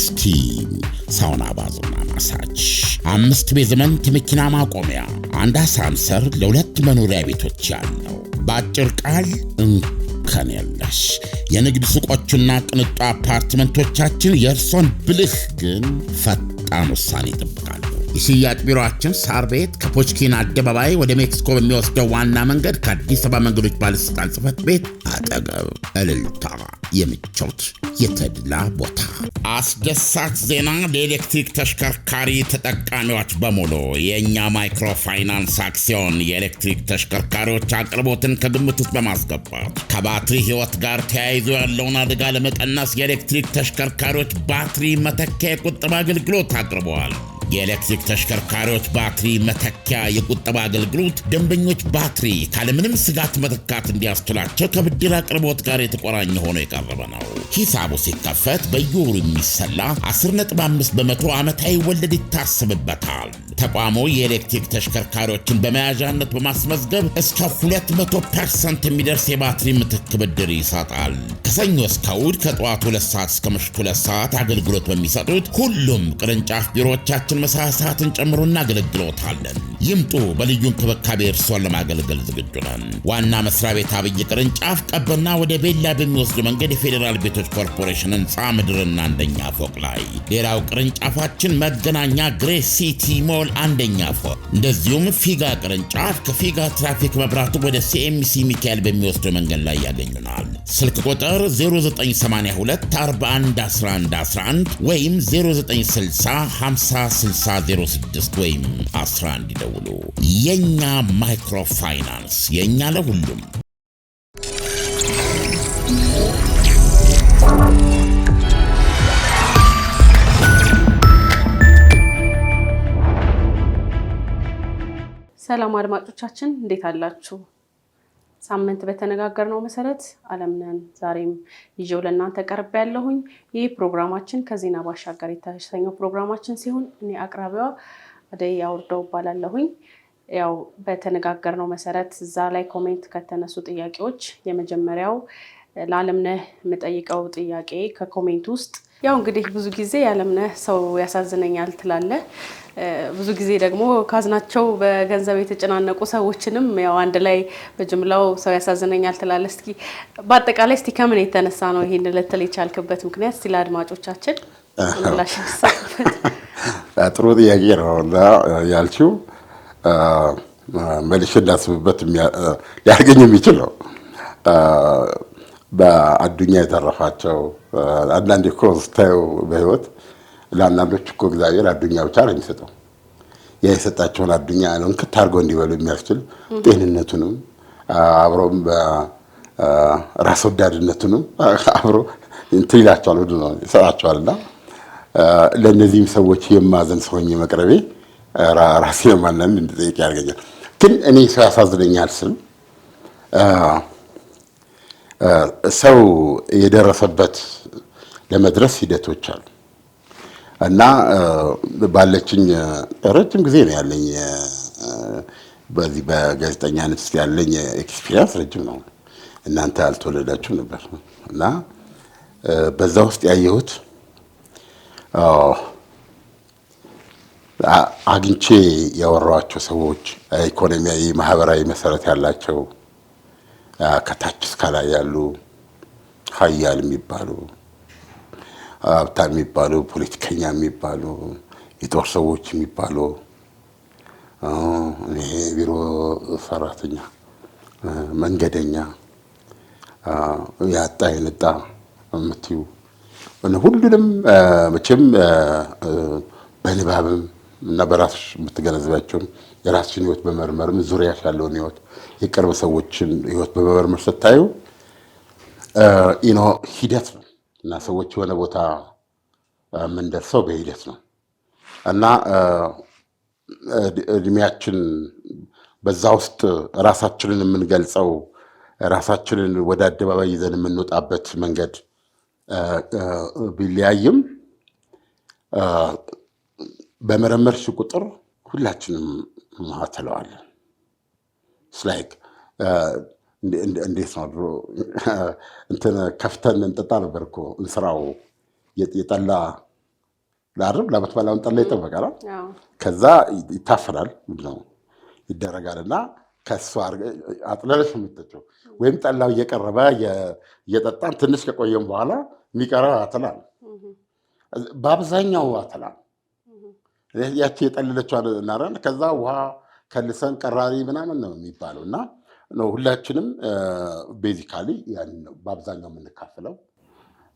ስቲም፣ ሳውና፣ ባዞና ማሳጅ፣ አምስት ቤዝመንት መኪና ማቆሚያ፣ አንድ አሳንሰር ለሁለት መኖሪያ ቤቶች ያለው በአጭር ቃል እንከን የለሽ የንግድ ሱቆቹና ቅንጦ አፓርትመንቶቻችን የእርሶን ብልህ ግን ፈጣን ውሳኔ ይጠብቃል። የሽያጭ ቢሮችን ሳር ቤት ከፖችኪን አደባባይ ወደ ሜክሲኮ በሚወስደው ዋና መንገድ ከአዲስ አበባ መንገዶች ባለሥልጣን ጽፈት ቤት አጠገብ። እልልታ፣ የምቾት የተድላ ቦታ። አስደሳች ዜና ለኤሌክትሪክ ተሽከርካሪ ተጠቃሚዎች በሙሉ የእኛ ማይክሮፋይናንስ አክሲዮን የኤሌክትሪክ ተሽከርካሪዎች አቅርቦትን ከግምት ውስጥ በማስገባት ከባትሪ ሕይወት ጋር ተያይዞ ያለውን አደጋ ለመቀነስ የኤሌክትሪክ ተሽከርካሪዎች ባትሪ መተኪያ የቁጥብ አገልግሎት አቅርበዋል። የኤሌክትሪክ ተሽከርካሪዎች ባትሪ መተኪያ የቁጠባ አገልግሎት ደንበኞች ባትሪ ካለምንም ስጋት መተካት እንዲያስችላቸው ከብድር አቅርቦት ጋር የተቆራኘ ሆኖ የቀረበ ነው። ሂሳቡ ሲከፈት በየወሩ የሚሰላ 15 በመቶ ዓመታዊ ወለድ ይታሰብበታል። ተቋሙ የኤሌክትሪክ ተሽከርካሪዎችን በመያዣነት በማስመዝገብ እስከ 200 ፐርሰንት የሚደርስ የባትሪ ምትክ ብድር ይሰጣል። ከሰኞ እስከ እሑድ ከጠዋቱ 2 ሰዓት እስከ ምሽቱ 2 ሰዓት አገልግሎት በሚሰጡት ሁሉም ቅርንጫፍ ቢሮዎቻቸው ቀናትን ምሳ ሰዓትን ጨምሮ እናገለግሎታለን። ይምጡ። በልዩ እንክብካቤ እርሶን ለማገልገል ዝግጁ ነን። ዋና መስሪያ ቤት አብይ ቅርንጫፍ ቀበና ወደ ቤላ በሚወስድ መንገድ የፌዴራል ቤቶች ኮርፖሬሽን ህንፃ ምድርና አንደኛ ፎቅ ላይ፣ ሌላው ቅርንጫፋችን መገናኛ ግሬስ ሲቲ ሞል አንደኛ ፎቅ፣ እንደዚሁም ፊጋ ቅርንጫፍ ከፊጋ ትራፊክ መብራቱ ወደ ሲኤምሲ ሚካኤል በሚወስዱ መንገድ ላይ ያገኙናል። ስልክ ቁጥር 0982411111 ወይም 0960506006 ወይም 11 ይደውሉ። የእኛ ማይክሮፋይናንስ የእኛ ለሁሉም ሰላም አድማጮቻችን እንዴት አላችሁ? ሳምንት በተነጋገርነው መሰረት አለምነን ዛሬም ይዤው ለእናንተ ቀርብ ያለሁኝ። ይህ ፕሮግራማችን ከዜና ባሻገር የተሰኘው ፕሮግራማችን ሲሆን እኔ አቅራቢዋ አደይ አውርደው እባላለሁኝ። ያው በተነጋገርነው መሰረት እዛ ላይ ኮሜንት ከተነሱ ጥያቄዎች የመጀመሪያው ለአለምነህ የምጠይቀው ጥያቄ ከኮሜንት ውስጥ ያው እንግዲህ ብዙ ጊዜ ያለምነህ ሰው ያሳዝነኛል ትላለህ። ብዙ ጊዜ ደግሞ ካዝናቸው በገንዘብ የተጨናነቁ ሰዎችንም ያው አንድ ላይ በጅምላው ሰው ያሳዝነኛል ትላለህ። እስኪ በአጠቃላይ እስቲ ከምን የተነሳ ነው ይሄን ልትል የቻልክበት ምክንያት? እስቲ ለአድማጮቻችን ሳበት። ጥሩ ጥያቄ ነው እና ያልችው መልሼ እንዳስብበት ሊያደርገኝ የሚችል ነው በአዱኛ የተረፋቸው አንዳንድ እኮ ስታዩ በህይወት ለአንዳንዶች እኮ እግዚአብሔር አዱኛ ብቻ ነው የሚሰጠው። ያ የሰጣቸውን አዱኛ ነው እንክት አድርገው እንዲበሉ የሚያስችል ጤንነቱንም አብሮም በራስ ወዳድነቱንም አብሮ እንትን ይላቸዋል ወደ ነው ይሰጣቸዋል። እና ለእነዚህም ሰዎች የማዘን ሰውኝ መቅረቤ ራሴ ማንን እንድጠይቅ ያደርገኛል። ግን እኔ ሰው ያሳዝነኛል ስል ሰው የደረሰበት ለመድረስ ሂደቶች አሉ እና ባለችኝ ረጅም ጊዜ ነው ያለኝ በዚህ በጋዜጠኛነት ውስጥ ያለኝ ኤክስፒሪያንስ ረጅም ነው። እናንተ አልተወለዳችሁም ነበር እና በዛ ውስጥ ያየሁት አግኝቼ ያወራኋቸው ሰዎች ኢኮኖሚያዊ፣ ማህበራዊ መሰረት ያላቸው ከታች እስከላይ ያሉ ሀያል የሚባሉ ሀብታም የሚባሉ ፖለቲከኛ የሚባሉ የጦር ሰዎች የሚባሉ ቢሮ ሰራተኛ፣ መንገደኛ፣ ያጣ የነጣ የምትዩ ሁሉንም መቼም በንባብም እና በራስሽ የምትገነዘባቸውን የራስሽን ህይወት በመርመርም ዙሪያሽ ያለውን ህይወት የቅርብ ሰዎችን ህይወት በመመርመር ስታዩ ሂደት ነው እና ሰዎች የሆነ ቦታ የምንደርሰው በሂደት ነው እና እድሜያችን በዛ ውስጥ ራሳችንን የምንገልጸው ራሳችንን ወደ አደባባይ ይዘን የምንወጣበት መንገድ ቢለያይም በመረመርሽ ቁጥር ሁላችንም ማተለዋለን። ስላይክ እንዴት ነው ድሮ እንትን ከፍተን እንጠጣ ነበር እኮ እንስራው የጠላ ለአርብ ለአመት በላውን ጠላ ይጠበቃል። ከዛ ይታፈናል ነው ይደረጋል እና ከሱ አጥለለሽ የምትጠጪው ወይም ጠላው እየቀረበ እየጠጣን ትንሽ ከቆየም በኋላ የሚቀረው አተላል፣ በአብዛኛው አተላል ያቺ የጠለለችው እናረን ከዛ ውሃ ከልሰን ቀራሪ ምናምን ነው የሚባለው እና ነው ሁላችንም ቤዚካሊ ነው በአብዛኛው የምንካፍለው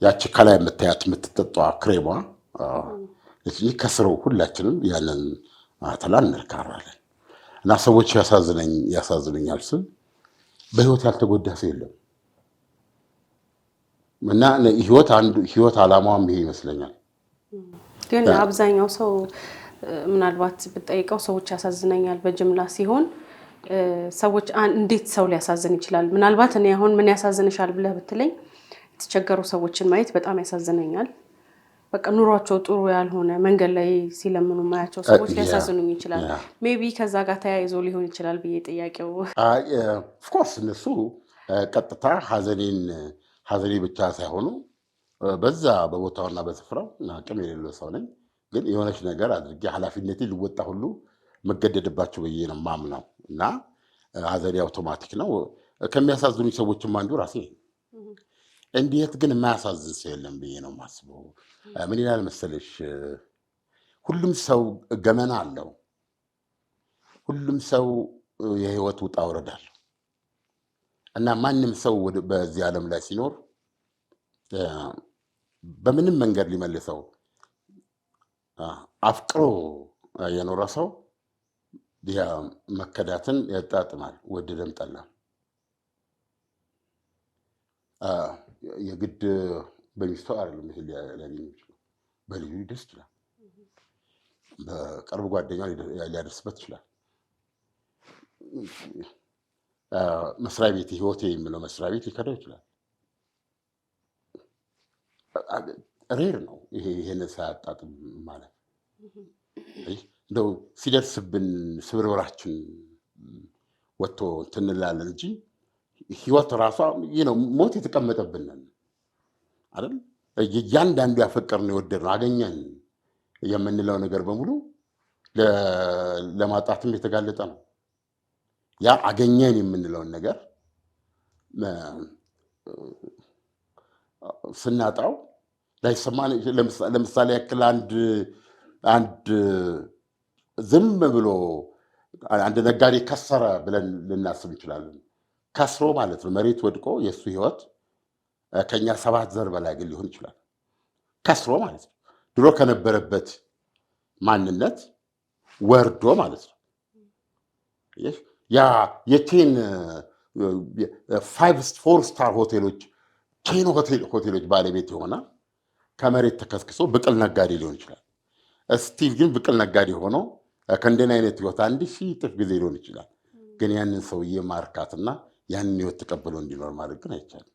ያቺ ከላይ የምታያት የምትጠጧ ክሬሟ ከስሩ ሁላችንም ያንን አተላ እንርካራለን እና ሰዎች ያሳዝነኛል ስል በህይወት ያልተጎዳ ሰው የለም እና ህይወት አላማዋም ይሄ ይመስለኛል ግን አብዛኛው ሰው ምናልባት ብጠይቀው ሰዎች ያሳዝነኛል በጅምላ ሲሆን ሰዎች እንዴት ሰው ሊያሳዝን ይችላል? ምናልባት እኔ አሁን ምን ያሳዝንሻል ብለህ ብትለኝ የተቸገሩ ሰዎችን ማየት በጣም ያሳዝነኛል። በቃ ኑሯቸው ጥሩ ያልሆነ መንገድ ላይ ሲለምኑ ማያቸው ሰዎች ሊያሳዝኑኝ ይችላል። ሜይ ቢ ከዛ ጋር ተያይዞ ሊሆን ይችላል ብዬ ጥያቄው። ኦፍኮርስ እነሱ ቀጥታ ሀዘኔን ሀዘኔ ብቻ ሳይሆኑ በዛ በቦታውና በስፍራው አቅም የሌለው ሰው ነኝ ግን የሆነች ነገር አድርጌ ኃላፊነቴ ልወጣ ሁሉ መገደድባቸው ብዬ ነው ማምነው እና ሀዘኔ አውቶማቲክ ነው። ከሚያሳዝኑ ሰዎችም አንዱ ራሴ እንዴት ግን የማያሳዝን ሰው የለም ብዬ ነው ማስበው። ምን ይላል መሰለሽ፣ ሁሉም ሰው ገመና አለው። ሁሉም ሰው የህይወት ውጣ ውረዳል እና ማንም ሰው በዚህ ዓለም ላይ ሲኖር በምንም መንገድ ሊመልሰው አፍቅሮ የኖረ ሰው መከዳትን ያጣጥማል። ወደደም ጠላ የግድ በሚስቶ አይደለም ይሄ ሊያገኝ ይችላል። በልዩ ሊደርስ ይችላል። በቅርብ ጓደኛ ሊያደርስበት ይችላል። መስሪያ ቤት ህይወቴ የሚለው መስሪያ ቤት ሊከዳው ይችላል። ሪር ነው ይሄ ይሄን ሳያጣጥም ማለት እንደው ሲደርስብን ስብርብራችን ወጥቶ እንትንላለን እንጂ ህይወት ራሷ ይህ ነው። ሞት የተቀመጠብንን አይደል? እያንዳንዱ ያፈቀርነው የወደድነው አገኘን የምንለው ነገር በሙሉ ለማጣትም የተጋለጠ ነው። ያ አገኘን የምንለውን ነገር ስናጣው ላይሰማን ለምሳሌ ያክል አንድ አንድ ዝም ብሎ አንድ ነጋዴ ከሰረ ብለን ልናስብ እንችላለን። ከስሮ ማለት ነው መሬት ወድቆ የእሱ ህይወት ከኛ ሰባት ዘር በላይ ግን ሊሆን ይችላል። ከስሮ ማለት ነው ድሮ ከነበረበት ማንነት ወርዶ ማለት ነው። ያ የቴን ፋይቭ ፎር ስታር ሆቴሎች ቴን ሆቴሎች ባለቤት ይሆናል። ከመሬት ተከስክሶ ብቅል ነጋዴ ሊሆን ይችላል። እስቲል ግን ብቅል ነጋዴ ሆኖ ከእንደን አይነት ህይወት አንድ ሺህ እጥፍ ጊዜ ሊሆን ይችላል። ግን ያንን ሰውዬ ማርካትና ያንን ህይወት ተቀብሎ እንዲኖር ማድረግ ግን አይቻልም።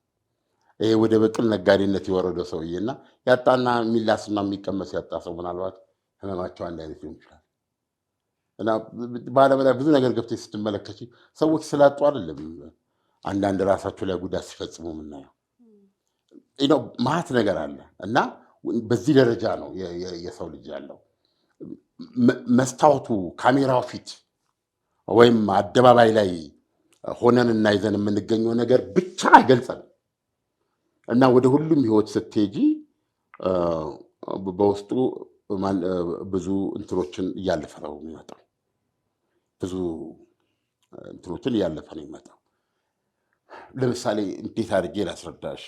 ይሄ ወደ ብቅል ነጋዴነት የወረደው ሰውዬና ያጣና የሚላስና የሚቀመስ ያጣ ሰው ምናልባት ህመማቸው አንድ አይነት ሊሆን ይችላል። እና በዓለም ላይ ብዙ ነገር ገብተሽ ስትመለከች ሰዎች ስላጡ አይደለም አንዳንድ ራሳቸው ላይ ጉዳት ሲፈጽሙ የምናየው ነው ማት ነገር አለ እና በዚህ ደረጃ ነው የሰው ልጅ ያለው። መስታወቱ ካሜራው ፊት ወይም አደባባይ ላይ ሆነን እና ይዘን የምንገኘው ነገር ብቻ አይገልጸንም እና ወደ ሁሉም ህይወት ስትሄጂ በውስጡ ብዙ እንትኖችን እያለፈ ነው የሚመጣው። ብዙ እንትኖችን እያለፈ ነው የሚመጣው። ለምሳሌ እንዴት አድርጌ ላስረዳሽ?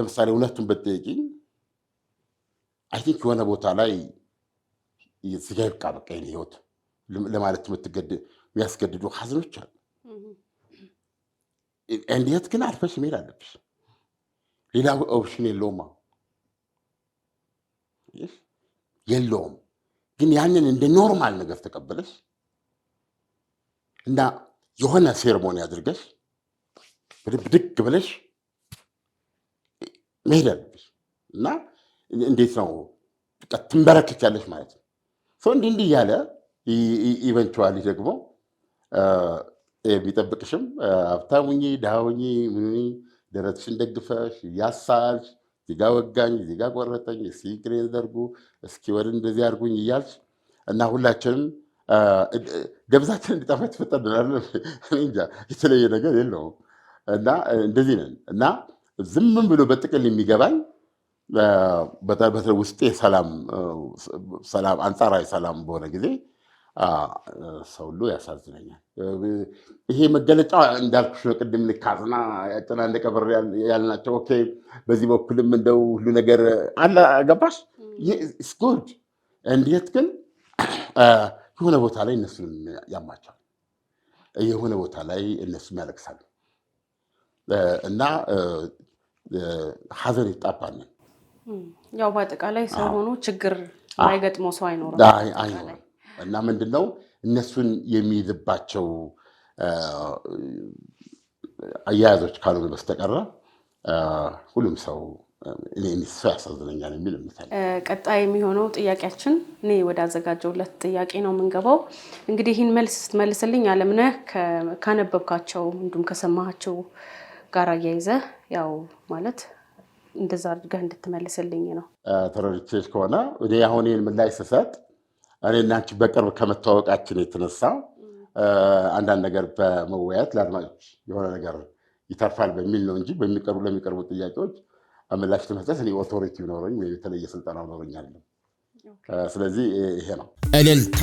ለምሳሌ እውነቱን ብትጠይቂኝ አይ ቲንክ የሆነ ቦታ ላይ ስጋ ይብቃ በቃ የኔ ህይወት ለማለት የሚያስገድዱ ሀዘኖች አሉ። እንዴት ግን አልፈሽ መሄድ አለብሽ። ሌላ ኦፕሽን የለውም የለውም። ግን ያንን እንደ ኖርማል ነገር ተቀበለሽ እና የሆነ ሴርሞኒ አድርገሽ ብድግ ብለሽ መሄድ አለብሽ እና እንዴት ነው ትንበረከቻለሽ ማለት ነው። ሰው እንዲህ እንዲህ እያለ ኢቨንቹዋሊ ደግሞ የሚጠብቅሽም ሀብታሙኝ ድሃውኝ ደረትሽን ደግፈሽ እያሳልሽ ዜጋ ወጋኝ፣ ዜጋ ቆረጠኝ፣ እስኪ ግሬን ዘርጉ፣ እስኪ ወደ እንደዚህ አድርጉኝ እያልሽ እና ሁላችንም ደብዛችን እንዲጠፋ የተፈጠር እንጃ የተለየ ነገር የለውም እና እንደዚህ ነን እና ዝም ብሎ በጥቅል የሚገባኝ በተለይ ውስጤ ሰላም አንጻራዊ ሰላም በሆነ ጊዜ ሰው ሁሉ ያሳዝነኛል። ይሄ መገለጫ እንዳልኩሽ ነው። ቅድም ልካዝና ያጨናነቀ በር ያልናቸው ኦኬ። በዚህ በኩልም እንደው ሁሉ ነገር አለ ገባሽ ስጉድ እንዴት ግን የሆነ ቦታ ላይ እነሱንም ያማቸዋል። የሆነ ቦታ ላይ እነሱም ያለቅሳሉ እና ሀዘን ይጣባልን። ያው በአጠቃላይ ሰው ሆኖ ችግር አይገጥመው ሰው አይኖርም አይኖርም። እና ምንድነው እነሱን የሚይዝባቸው አያያዞች ካልሆነ በስተቀረ ሁሉም ሰው ሰው ያሳዝነኛል የሚል ምሳሌ። ቀጣይ የሚሆነው ጥያቄያችን እኔ ወደ አዘጋጀውለት ጥያቄ ነው የምንገባው። እንግዲህ ይህን መልስ ስትመልስልኝ አለምነህ ካነበብካቸው እንዲሁም ከሰማሃቸው ጋር አያይዘህ ያው ማለት እንደዛ አድርገህ እንድትመልስልኝ ነው። ተረድቼሽ ከሆነ እኔ አሁን ይህን ምላሽ ስሰጥ እኔ እናንቺ በቅርብ ከመተዋወቃችን የተነሳ አንዳንድ ነገር በመወያየት ለአድማጮች የሆነ ነገር ይተርፋል በሚል ነው እንጂ በሚቀርቡ ለሚቀርቡ ጥያቄዎች ምላሽ ለመስጠት እኔ ኦቶሪቲ ኖረኝ ወይም የተለየ ስልጠና ኖረኝ አይደለም። ስለዚህ ይሄ ነው። እልልታ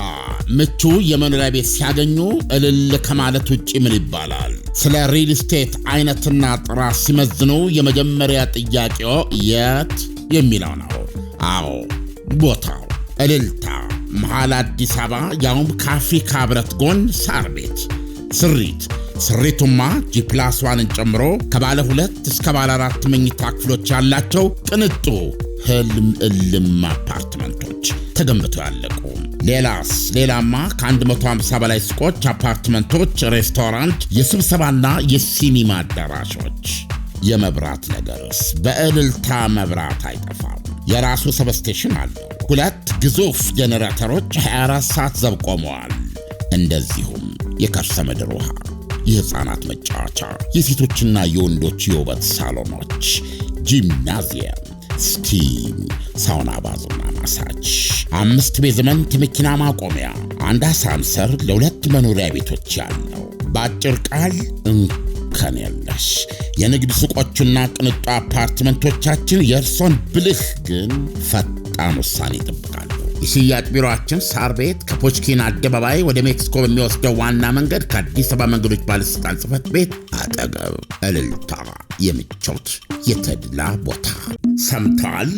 ምቹ የመኖሪያ ቤት ሲያገኙ እልል ከማለት ውጭ ምን ይባላል? ስለ ሪል ስቴት አይነትና ጥራት ሲመዝኑ የመጀመሪያ ጥያቄው የት የሚለው ነው። አዎ ቦታው እልልታ መሃል አዲስ አበባ፣ ያውም ከአፍሪካ ህብረት ጎን ሳር ቤት ስሪት ስሪቱማ ጂፕላስዋንን ጨምሮ ከባለ ሁለት እስከ ባለ አራት መኝታ ክፍሎች ያላቸው ቅንጡ ህልም እልም አፓርትመንቶች ተገንብተው ያለቁ። ሌላስ ሌላማ ከ150 በላይ ሱቆች፣ አፓርትመንቶች፣ ሬስቶራንት፣ የስብሰባና የሲኒማ አዳራሾች። የመብራት ነገርስ በእልልታ መብራት አይጠፋም። የራሱ ሰብስቴሽን አለው። ሁለት ግዙፍ ጄኔሬተሮች 24 ሰዓት ዘብ ቆመዋል። እንደዚሁም የከርሰ ምድር ውሃ የህፃናት መጫወቻ፣ የሴቶችና የወንዶች የውበት ሳሎኖች፣ ጂምናዚየም፣ ስቲም፣ ሳውና፣ ባዝና ማሳጅ፣ አምስት ቤዝመንት መኪና ማቆሚያ፣ አንድ አሳንሰር ለሁለት መኖሪያ ቤቶች ያለው በአጭር ቃል እንከን የለሽ የንግድ ሱቆቹና ቅንጡ አፓርትመንቶቻችን የእርሶን ብልህ ግን ፈጣን ውሳኔ ይጠብቃል። የሽያጭ ቢሮችን ሳር ቤት ከፖችኪን አደባባይ ወደ ሜክሲኮ በሚወስደው ዋና መንገድ ከአዲስ አበባ መንገዶች ባለሥልጣን ጽፈት ቤት አጠገብ። እልልታ፣ የምቾት የተድላ ቦታ። ሰምተዋል?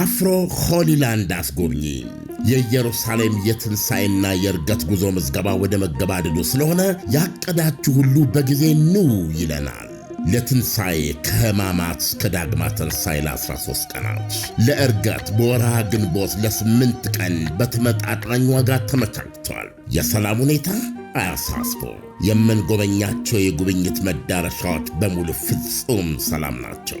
አፍሮ ሆሊላንድ አስጎብኚ የኢየሩሳሌም የትንሣኤና የእርገት ጉዞ ምዝገባ ወደ መገባደዱ ስለሆነ ያቀዳችሁ ሁሉ በጊዜ ኑ ይለናል። ለትንሣኤ ከህማማት እስከ ዳግማ ትንሣኤ ለ13 ቀናት ለእርገት በወርሃ ግንቦት ለስምንት ቀን በተመጣጣኝ ዋጋ ተመቻችተዋል። የሰላም ሁኔታ አያሳስቦ የምንጎበኛቸው የጉብኝት መዳረሻዎች በሙሉ ፍጹም ሰላም ናቸው።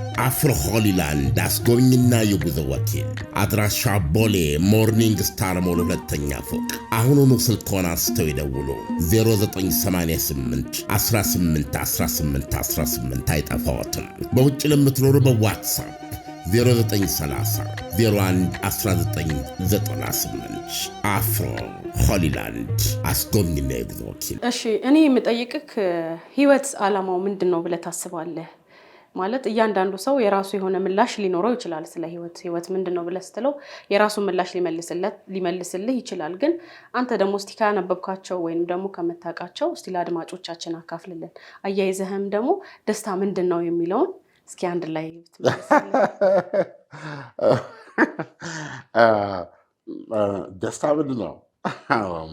አፍሮ ሆሊላንድ አስጎብኝና የጉዞ ወኪል አድራሻ ቦሌ ሞርኒንግ ስታር ሞል ሁለተኛ ፎቅ። አሁኑኑ ስልክዎን አንስተው ይደውሉ። 0988 18 18 አይጠፋዎትም። በውጭ ለምትኖሩ በዋትሳፕ 0930 01 1998 አፍሮ ሆሊላንድ አስጎብኝና የጉዞ ወኪል። እሺ እኔ የምጠይቅህ uh, ህይወት አላማው ምንድን ነው ብለህ ታስባለህ? ማለት እያንዳንዱ ሰው የራሱ የሆነ ምላሽ ሊኖረው ይችላል። ስለ ህይወት ህይወት ምንድን ነው ብለህ ስትለው የራሱን ምላሽ ሊመልስልህ ይችላል። ግን አንተ ደግሞ እስቲ ካነበብካቸው ወይም ደግሞ ከምታውቃቸው እስቲ ለአድማጮቻችን አካፍልልን። አያይዘህም ደግሞ ደስታ ምንድን ነው የሚለውን እስኪ አንድ ላይ ደስታ ምንድን ነው?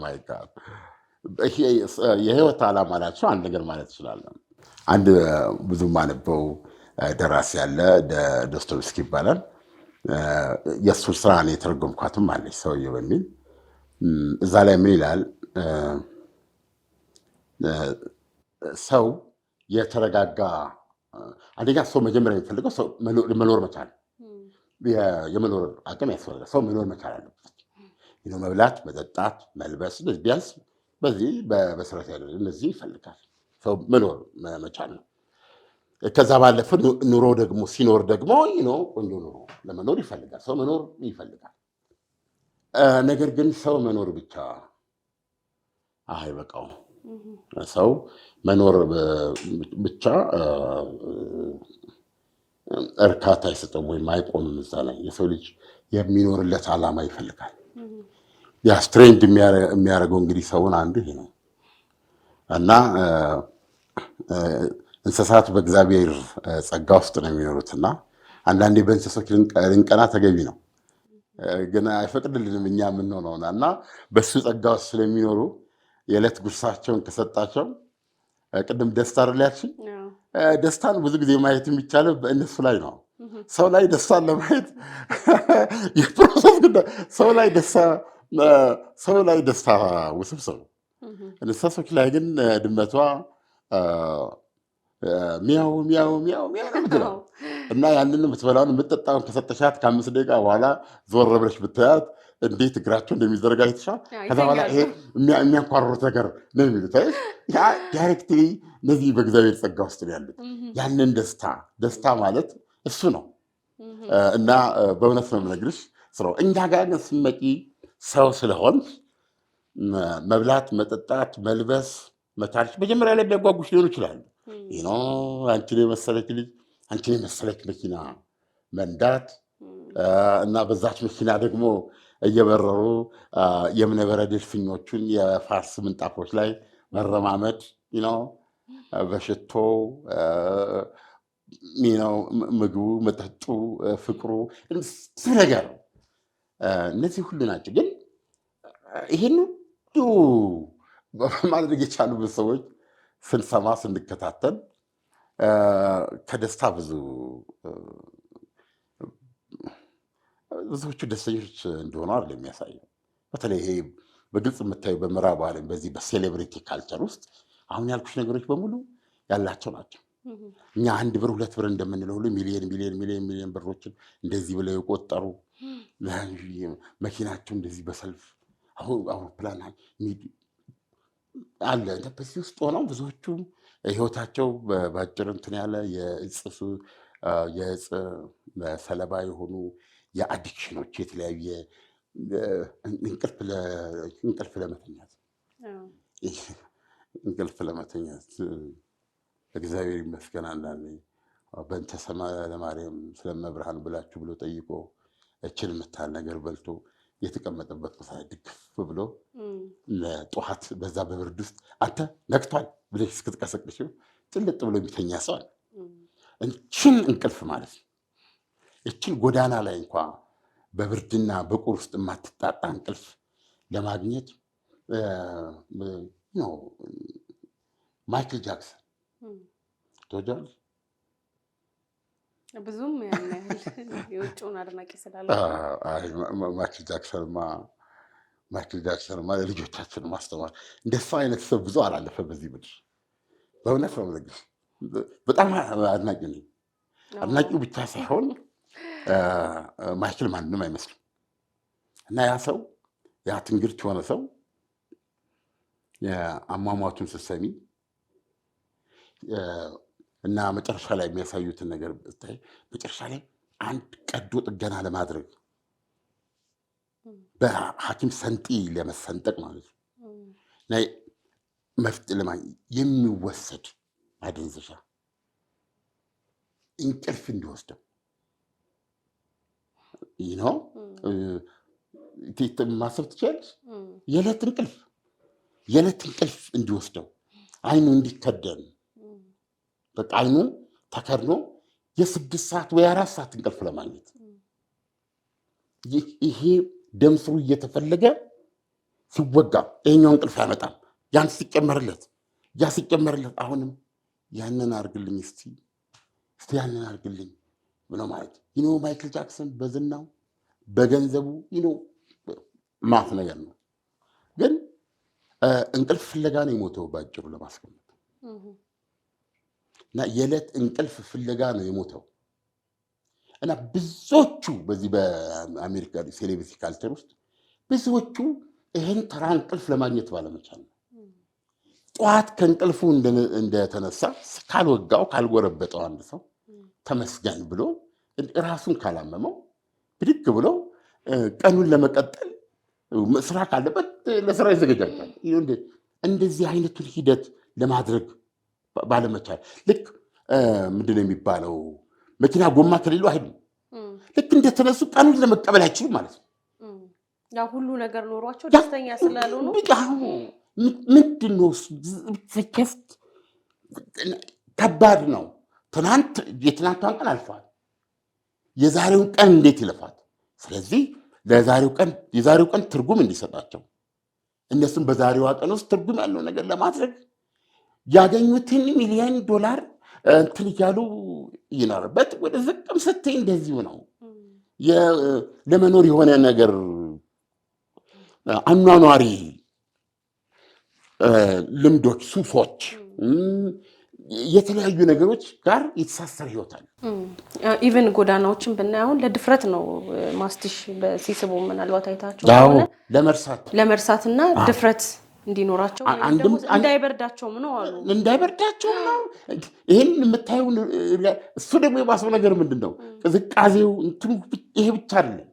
ማይ ጋድ የህይወት አላማ ናቸው። አንድ ነገር ማለት ይችላለን አንድ ብዙ ማነበው ደራሲ ያለ ዶስቶቭስኪ ይባላል። የሱ ስራ ነው የተረጎምኳትም አለች ሰውየው በሚል እዛ ላይ ምን ይላል? ሰው የተረጋጋ አንደኛ ሰው መጀመሪያ የሚፈልገው ሰው መኖር መቻል፣ የመኖር አቅም ያስፈልጋል። ሰው መኖር መቻል አለበት። መብላት፣ መጠጣት፣ መልበስ ቢያንስ በዚህ በመሰረታዊ እነዚህ ይፈልጋል። ሰው መኖር መቻል ነው። ከዛ ባለፈ ኑሮ ደግሞ ሲኖር ደግሞ ነው ቆንጆ ኑሮ ለመኖር ይፈልጋል፣ ሰው መኖር ይፈልጋል። ነገር ግን ሰው መኖር ብቻ በቃው ሰው መኖር ብቻ እርካታ አይሰጠም፣ ወይም አይቆምም እዛ ላይ። የሰው ልጅ የሚኖርለት አላማ ይፈልጋል። ያ የሚያደርገው እንግዲህ ሰውን አንዱ ይሄ ነው። እና እንስሳት በእግዚአብሔር ጸጋ ውስጥ ነው የሚኖሩት እና አንዳንዴ በእንስሶች ልንቀና ተገቢ ነው፣ ግን አይፈቅድልንም እኛ የምንሆነውና እና በሱ ጸጋ ውስጥ ስለሚኖሩ የዕለት ጉርሳቸውን ከሰጣቸው ቅድም ደስታ ርላያችን ደስታን ብዙ ጊዜ ማየት የሚቻለው በእነሱ ላይ ነው። ሰው ላይ ደስታን ለማየት የፕሮሰስ ጉዳይ ሰው ላይ ደስታ ውስብስብ እንስሳቶች ላይ ግን ድመቷ ሚያው ሚያው ሚያው ሚያው ነው እና ያንን የምትበላውን የምትጠጣውን ከሰጠሻት ከአምስት ደቂቃ በኋላ ዞር ብለሽ ብታያት እንዴት እግራቸው እንደሚዘረጋ አይተሻል። ከዛ በኋላ ይሄ የሚያንኳርሩት ነገር ነው የሚሉት ዳይሬክት እነዚህ በእግዚአብሔር ጸጋ ውስጥ ነው ያሉት። ያንን ደስታ ደስታ ማለት እሱ ነው እና በእውነት ነው የምነግርሽ ስለው እኛ ጋር ግን ስትመጪ ሰው ስለሆን መብላት፣ መጠጣት፣ መልበስ፣ መታረች መጀመሪያ ላይ የሚያጓጉሽ ሊሆኑ ይችላሉ። ይህ አንቺን የመሰለች ልጅ አንቺን የመሰለች መኪና መንዳት እና በዛች መኪና ደግሞ እየበረሩ የእብነበረድ ዴልፊኞቹን የፋርስ ምንጣፎች ላይ መረማመድ ነው። በሽቶ ነው ምግቡ፣ መጠጡ፣ ፍቅሩ ብዙ ነገር እነዚህ ሁሉ ናቸው። ግን ይህን ማድረግ የቻሉ ሰዎች ስንሰማ ስንከታተል ከደስታ ብዙ ብዙዎቹ ደስተኞች እንደሆኑ አይደል የሚያሳየው። በተለይ ይሄ በግልጽ የምታዩ በምዕራብ ዓለም በዚህ በሴሌብሪቲ ካልቸር ውስጥ አሁን ያልኩሽ ነገሮች በሙሉ ያላቸው ናቸው። እኛ አንድ ብር ሁለት ብር እንደምንለው ሁሉ ሚሊዮን ሚሊዮን ሚሊዮን ሚሊዮን ብሮችን እንደዚህ ብለው የቆጠሩ መኪናቸው እንደዚህ በሰልፍ አውሮፕላን አለ በዚህ ውስጥ ሆነው ብዙዎቹ ህይወታቸው በአጭር እንትን ያለ የእጽ ሰለባ የሆኑ የአዲክሽኖች የተለያዩ እንቅልፍ ለመተኛት እንቅልፍ ለመተኛት እግዚአብሔር ይመስገን። አንዳንዴ በእንተ ሰማ ለማርያም ስለመብርሃን ብላችሁ ብሎ ጠይቆ እችን የምታል ነገር በልቶ የተቀመጠበት ቦታ ድግፍ ብሎ ለጠዋት በዛ በብርድ ውስጥ አንተ ነግቷል ብለሽ እስክትቀሰቅሽው ጥልጥ ብሎ የሚተኛ ሰው አለ። እችን እንቅልፍ ማለት ነው። እችን ጎዳና ላይ እንኳ በብርድና በቁር ውስጥ የማትጣጣ እንቅልፍ ለማግኘት ማይክል ጃክሰን ተወጃለች ብዙም ያህል የውጭውን አድናቂ ስላለ ማይክል ጃክሰንማ ማይክል ጃክሰንማ ለልጆቻችን ማስተማር እንደሱ አይነት ሰው ብዙ አላለፈ በዚህ ምድር። በእውነት ነው የምልህ፣ በጣም አድናቂ ነኝ። አድናቂው ብቻ ሳይሆን ማይክል ማንም አይመስልም እና ያ ሰው ያ ትንግርት የሆነ ሰው የአሟሟቱን ስትሰሚ እና መጨረሻ ላይ የሚያሳዩትን ነገር ብታይ መጨረሻ ላይ አንድ ቀዶ ጥገና ለማድረግ በሐኪም ሰንጢ ለመሰንጠቅ ማለት ነው መፍትሄ ለማ የሚወሰድ አደንዘሻ እንቅልፍ እንዲወስደው ይህ ማሰብ ትችላለች። የዕለት እንቅልፍ የዕለት እንቅልፍ እንዲወስደው አይኑ እንዲከደን በቃይኑ ተከድኖ የስድስት ሰዓት ወይ አራት ሰዓት እንቅልፍ ለማግኘት ይሄ ደም ስሩ እየተፈለገ ሲወጋ ይሄኛው እንቅልፍ ያመጣል። ያን ሲጨመርለት ያ ሲጨመርለት አሁንም ያንን አርግልኝ እስቲ እስቲ ያንን አርግልኝ ብሎ ማለት ይኖ ማይክል ጃክሰን በዝናው በገንዘቡ ይኖ ማት ነገር ነው። ግን እንቅልፍ ፍለጋ ነው የሞተው በአጭሩ ለማስቀመጥ እና የዕለት እንቅልፍ ፍለጋ ነው የሞተው እና ብዙዎቹ በዚህ በአሜሪካ ሴሌብሪቲ ካልቸር ውስጥ ብዙዎቹ ይህን ተራ እንቅልፍ ለማግኘት ባለመቻል ነው። ጠዋት ከእንቅልፉ እንደተነሳ ካልወጋው ካልጎረበጠው አንድ ሰው ተመስገን ብሎ ራሱን ካላመመው ብድግ ብሎ ቀኑን ለመቀጠል ስራ ካለበት ለስራ ይዘገጃጃል። እንደዚህ አይነቱን ሂደት ለማድረግ ባለመቻል ልክ ምንድነው የሚባለው መኪና ጎማ ከሌሉ አይሄድም። ልክ እንደተነሱ ቀኑን ለመቀበል አይችሉም ማለት ነው። ሁሉ ነገር ኖሯቸው ደስተኛ ስላልሆኑ ነው ከባድ ነው። ትናንት የትናንቷን ቀን አልፈዋል። የዛሬውን ቀን እንዴት ይለፋት። ስለዚህ ለዛሬው ቀን የዛሬው ቀን ትርጉም እንዲሰጣቸው እነሱም በዛሬዋ ቀን ውስጥ ትርጉም ያለው ነገር ለማድረግ ያገኙትን ሚሊዮን ዶላር እንትን እያሉ ይኖርበት ወደ ዝቅም ስትይ እንደዚሁ ነው። ለመኖር የሆነ ነገር አኗኗሪ ልምዶች፣ ሱፎች የተለያዩ ነገሮች ጋር የተሳሰረ ህይወታል። ኢቨን ጎዳናዎችን ብናይ አሁን ለድፍረት ነው ማስትሽ በሲስቦ ምናልባት አይታቸው ለመርሳት ለመርሳትና ድፍረት እንዲኖራቸው እንዳይበርዳቸውም ነው አሉ። እንዳይበርዳቸው ነው። ይህን የምታየው እሱ ደግሞ የባሰው ነገር ምንድን ነው? ቅዝቃዜው እንትኑ ይሄ ብቻ አይደለም።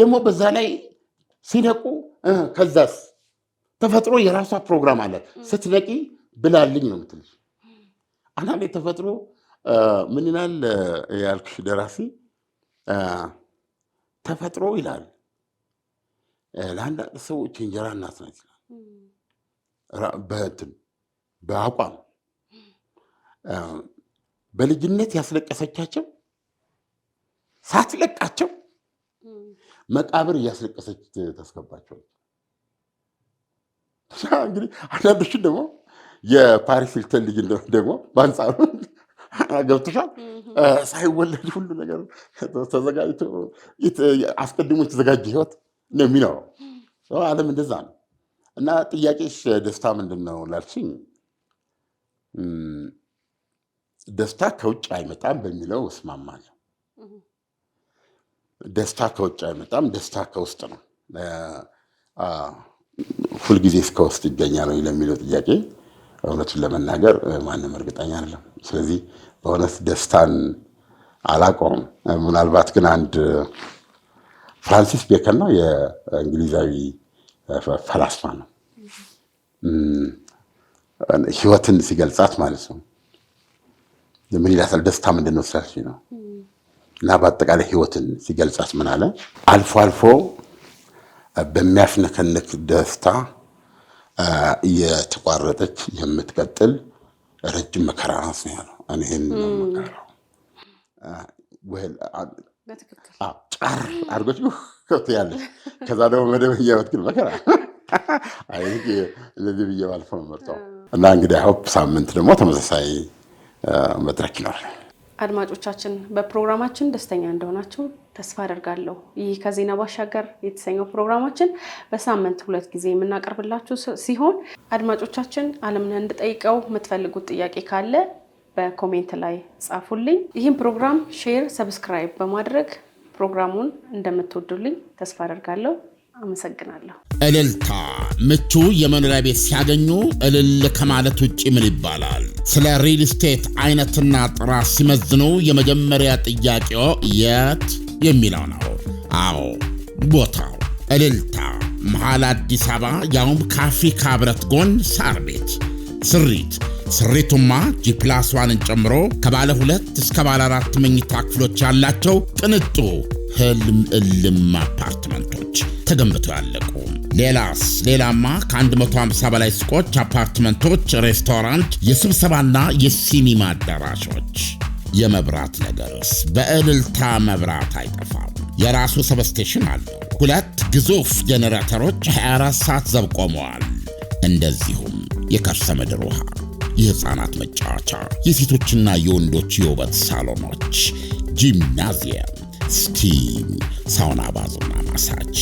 ደግሞ በዛ ላይ ሲነቁ ከዛስ ተፈጥሮ የራሷ ፕሮግራም አለ። ስትነቂ ብላልኝ ነው የምትልሽ። አንዳንዴ ተፈጥሮ ምን ይላል ያልክሽ ደራሲ ተፈጥሮ ይላል ለአንዳንድ ሰዎች እንጀራ እናት ናት። በእንትን በአቋም በልጅነት ያስለቀሰቻቸው ሳትለቃቸው መቃብር እያስለቀሰች ታስገባቸዋለች። እንግዲህ አንዳንዶች ደግሞ የፓሪስ ሂልተን ልጅ ደግሞ በአንጻሩ ገብቶሻል። ሳይወለድ ሁሉ ነገር ተዘጋጅቶ አስቀድሞ የተዘጋጀ ህይወት ነው የሚኖረው። ዓለም እንደዛ ነው። እና ጥያቄሽ ደስታ ምንድን ነው ላልሽኝ፣ ደስታ ከውጭ አይመጣም በሚለው እስማማለሁ። ደስታ ከውጭ አይመጣም፣ ደስታ ከውስጥ ነው። ሁልጊዜ እስከ ውስጥ ይገኛል ለሚለው ጥያቄ እውነቱን ለመናገር ማንም እርግጠኛ አይደለም። ስለዚህ በእውነት ደስታን አላውቀውም። ምናልባት ግን አንድ ፍራንሲስ ቤከን ነው የእንግሊዛዊ ፈላስፋ ነው። ህይወትን ሲገልጻት ማለት ነው ምን ይላታል? ደስታ ምንድን ነው ስላልሽ ነው። እና በአጠቃላይ ህይወትን ሲገልጻት ምን አለ? አልፎ አልፎ በሚያፍነከንክ ደስታ እየተቋረጠች የምትቀጥል ረጅም መከራ ናት ነው ያለው። እኔ ይህን ነው ጫር አድርጎች ከብት ከዛ ደግሞ መደበኛ ህይወት ግን መከራ። ለዚህ ብዬ እና እንግዲህ ሳምንት ደግሞ ተመሳሳይ መድረክ ይኖራል። አድማጮቻችን በፕሮግራማችን ደስተኛ እንደሆናችሁ ተስፋ አደርጋለሁ። ይህ ከዜና ባሻገር የተሰኘው ፕሮግራማችን በሳምንት ሁለት ጊዜ የምናቀርብላችሁ ሲሆን አድማጮቻችን ዓለምን እንድጠይቀው የምትፈልጉት ጥያቄ ካለ በኮሜንት ላይ ጻፉልኝ። ይህም ፕሮግራም ሼር፣ ሰብስክራይብ በማድረግ ፕሮግራሙን እንደምትወዱልኝ ተስፋ አደርጋለሁ። አመሰግናለሁ። እልልታ ምቹ የመኖሪያ ቤት ሲያገኙ እልል ከማለት ውጭ ምን ይባላል? ስለ ሪል ስቴት አይነትና ጥራት ሲመዝኑ የመጀመሪያ ጥያቄው የት የሚለው ነው። አዎ ቦታው እልልታ መሃል አዲስ አበባ፣ ያውም ከአፍሪካ ህብረት ጎን ሳር ቤት ስሪት ስሪቱማ ጂፕላስዋንን ጨምሮ ከባለ ሁለት እስከ ባለ አራት መኝታ ክፍሎች ያላቸው ቅንጡ ህልም እልም አፓርትመንቶች ተገንብተው ያለቁ። ሌላስ ሌላማ ከ150 በላይ ሱቆች፣ አፓርትመንቶች፣ ሬስቶራንት፣ የስብሰባና የሲኒማ አዳራሾች። የመብራት ነገርስ በእልልታ መብራት አይጠፋም። የራሱ ሰብስቴሽን አለው። ሁለት ግዙፍ ጄኔሬተሮች 24 ሰዓት ዘብ ቆመዋል። እንደዚሁም የከርሰ ምድር ውሃ የህፃናት መጫወቻ፣ የሴቶችና የወንዶች የውበት ሳሎኖች፣ ጂምናዚየም፣ ስቲም፣ ሳውና፣ ባዝና ማሳጅ፣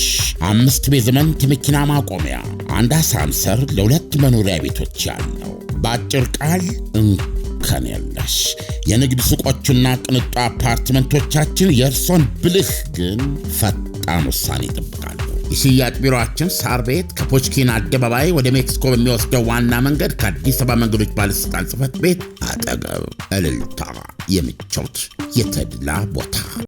አምስት ቤዝመንት መኪና ማቆሚያ፣ አንድ አሳንሰር ለሁለት መኖሪያ ቤቶች ያለው በአጭር ቃል እንከን የለሽ የንግድ ሱቆቹና ቅንጡ አፓርትመንቶቻችን የእርሶን ብልህ ግን ፈጣን ውሳኔ ይጠብቃል። የሽያጭ ቢሮችን ሳር ቤት ከፖችኪን አደባባይ ወደ ሜክሲኮ በሚወስደው ዋና መንገድ ከአዲስ አበባ መንገዶች ባለሥልጣን ጽፈት ቤት አጠገብ እልልታ፣ የምቾት የተድላ ቦታ